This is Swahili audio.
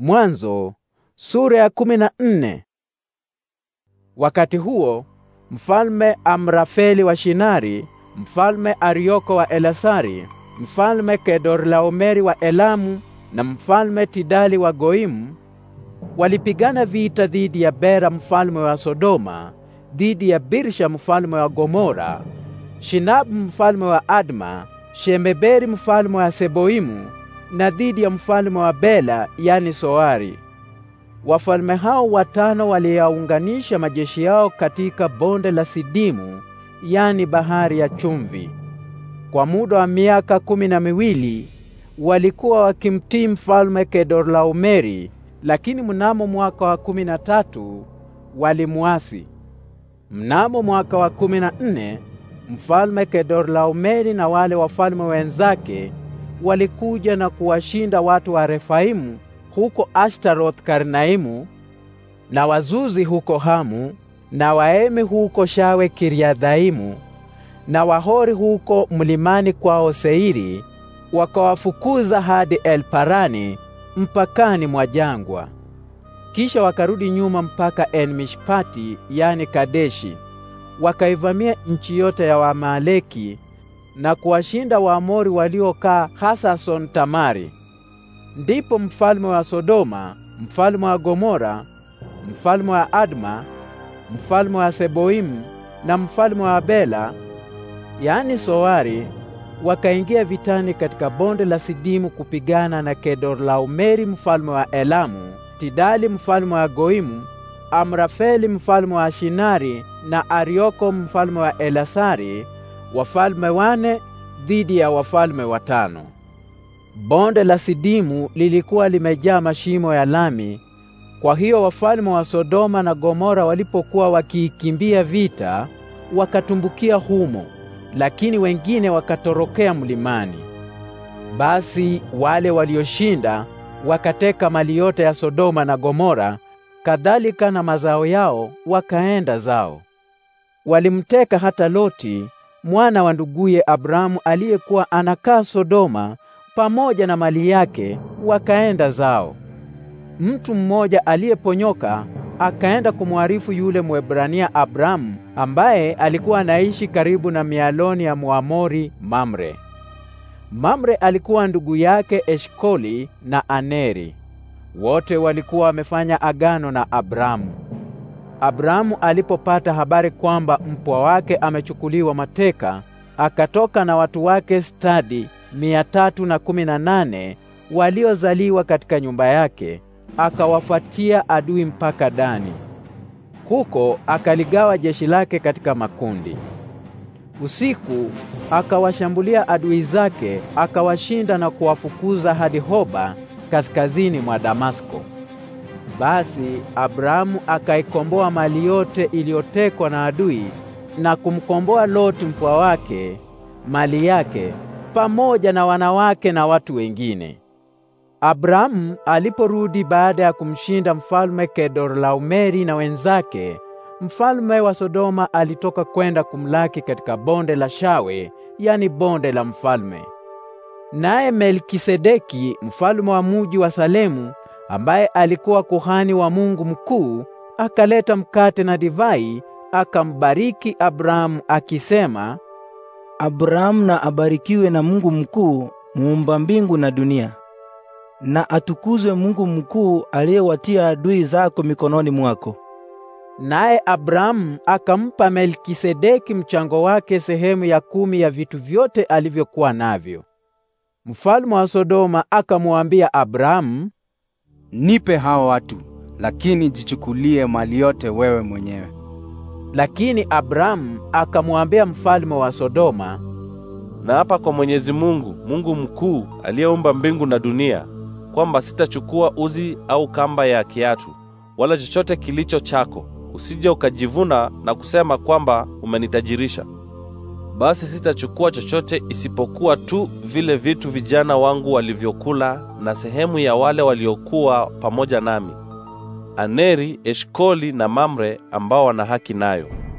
Mwanzo sura ya kumi na nne. Wakati huo mfalme Amrafeli wa Shinari, mfalme Arioko wa Elasari, mfalme Kedorlaomeri wa Elamu na mfalme Tidali wa Goimu walipigana vita dhidi ya Bera mfalme wa Sodoma, dhidi ya Birsha mfalme wa Gomora, Shinabu mfalme wa Adma, Shemeberi mfalme wa Seboimu na dhidi ya mfalme wa Bela, yani Soari. Wafalme hao watano waliyaunganisha majeshi yao katika bonde la Sidimu, yani bahari ya chumvi. Kwa muda wa miaka kumi na miwili walikuwa wakimtii mfalme Kedorlaomeri, lakini mnamo mwaka wa kumi na tatu walimuasi. Mnamo mwaka wa kumi na nne mfalme Kedorlaomeri na wale wafalme wenzake walikuja na kuwashinda watu wa Refaimu huko Ashtaroth Karnaimu, na Wazuzi huko Hamu, na Waemi huko Shawe Kiriadhaimu, na Wahori huko mlimani kwao Seiri, wakawafukuza hadi Elparani mpakani mwa jangwa. Kisha wakarudi nyuma mpaka Enmishpati, yani Kadeshi, wakaivamia nchi yote ya wamaleki na kuwashinda Waamori waliokaa Hasason Tamari. Ndipo mfalme wa Sodoma, mfalme wa Gomora, mfalme wa Adma, mfalme wa Seboimu na mfalme wa Bela, yaani Soari, wakaingia vitani katika bonde la Sidimu kupigana na Kedorlaomeri mfalme wa Elamu, Tidali mfalme wa Goimu, Amrafeli mfalme wa Shinari na Arioko mfalme wa Elasari wafalme wane dhidi ya wafalme watano. Bonde la Sidimu lilikuwa limejaa mashimo ya lami. Kwa hiyo wafalme wa Sodoma na Gomora walipokuwa wakiikimbia vita, wakatumbukia humo, lakini wengine wakatorokea mlimani. Basi wale walioshinda wakateka mali yote ya Sodoma na Gomora, kadhalika na mazao yao, wakaenda zao. Walimteka hata Loti mwana wa nduguye Abrahamu aliyekuwa anakaa Sodoma pamoja na mali yake, wakaenda zao. Mtu mmoja aliyeponyoka akaenda kumwarifu yule Mwebrania Abrahamu ambaye alikuwa anaishi karibu na mialoni ya Muamori Mamre. Mamre alikuwa ndugu yake Eshkoli na Aneri. Wote walikuwa wamefanya agano na Abrahamu. Abrahamu alipopata habari kwamba mpwa wake amechukuliwa mateka, akatoka na watu wake stadi mia tatu na kumi na nane waliozaliwa katika nyumba yake, akawafuatia adui mpaka Dani. Huko akaligawa jeshi lake katika makundi. Usiku akawashambulia adui zake, akawashinda na kuwafukuza hadi Hoba kaskazini mwa Damasko. Basi Abrahamu akaikomboa mali yote iliyotekwa na adui na kumkomboa Loti mpwa wake, mali yake pamoja na wanawake na watu wengine. Abrahamu aliporudi baada ya kumshinda mfalme Kedorlaomeri na wenzake, mfalme wa Sodoma alitoka kwenda kumlaki katika bonde la Shawe, yani bonde la mfalme. Naye Melkisedeki mfalme wa muji wa Salemu ambaye alikuwa kuhani wa Mungu mkuu, akaleta mkate na divai, akambariki Abrahamu akisema, Abrahamu na abarikiwe na Mungu mkuu, muumba mbingu na dunia, na atukuzwe Mungu mkuu aliyewatia adui zako mikononi mwako. Naye Abrahamu akampa Melkisedeki mchango wake, sehemu ya kumi ya vitu vyote alivyokuwa navyo. Mfalme wa Sodoma akamwambia Abrahamu, nipe hao watu, lakini jichukulie mali yote wewe mwenyewe. Lakini Abrahamu akamwambia mfalme wa Sodoma, naapa kwa Mwenyezi Mungu, Mungu mkuu aliyeumba mbingu na dunia, kwamba sitachukua uzi au kamba ya kiatu wala chochote kilicho chako, usije ukajivuna na kusema kwamba umenitajirisha basi sitachukua chochote isipokuwa tu vile vitu vijana wangu walivyokula na sehemu ya wale waliokuwa pamoja nami, Aneri, Eshkoli na Mamre ambao wana haki nayo.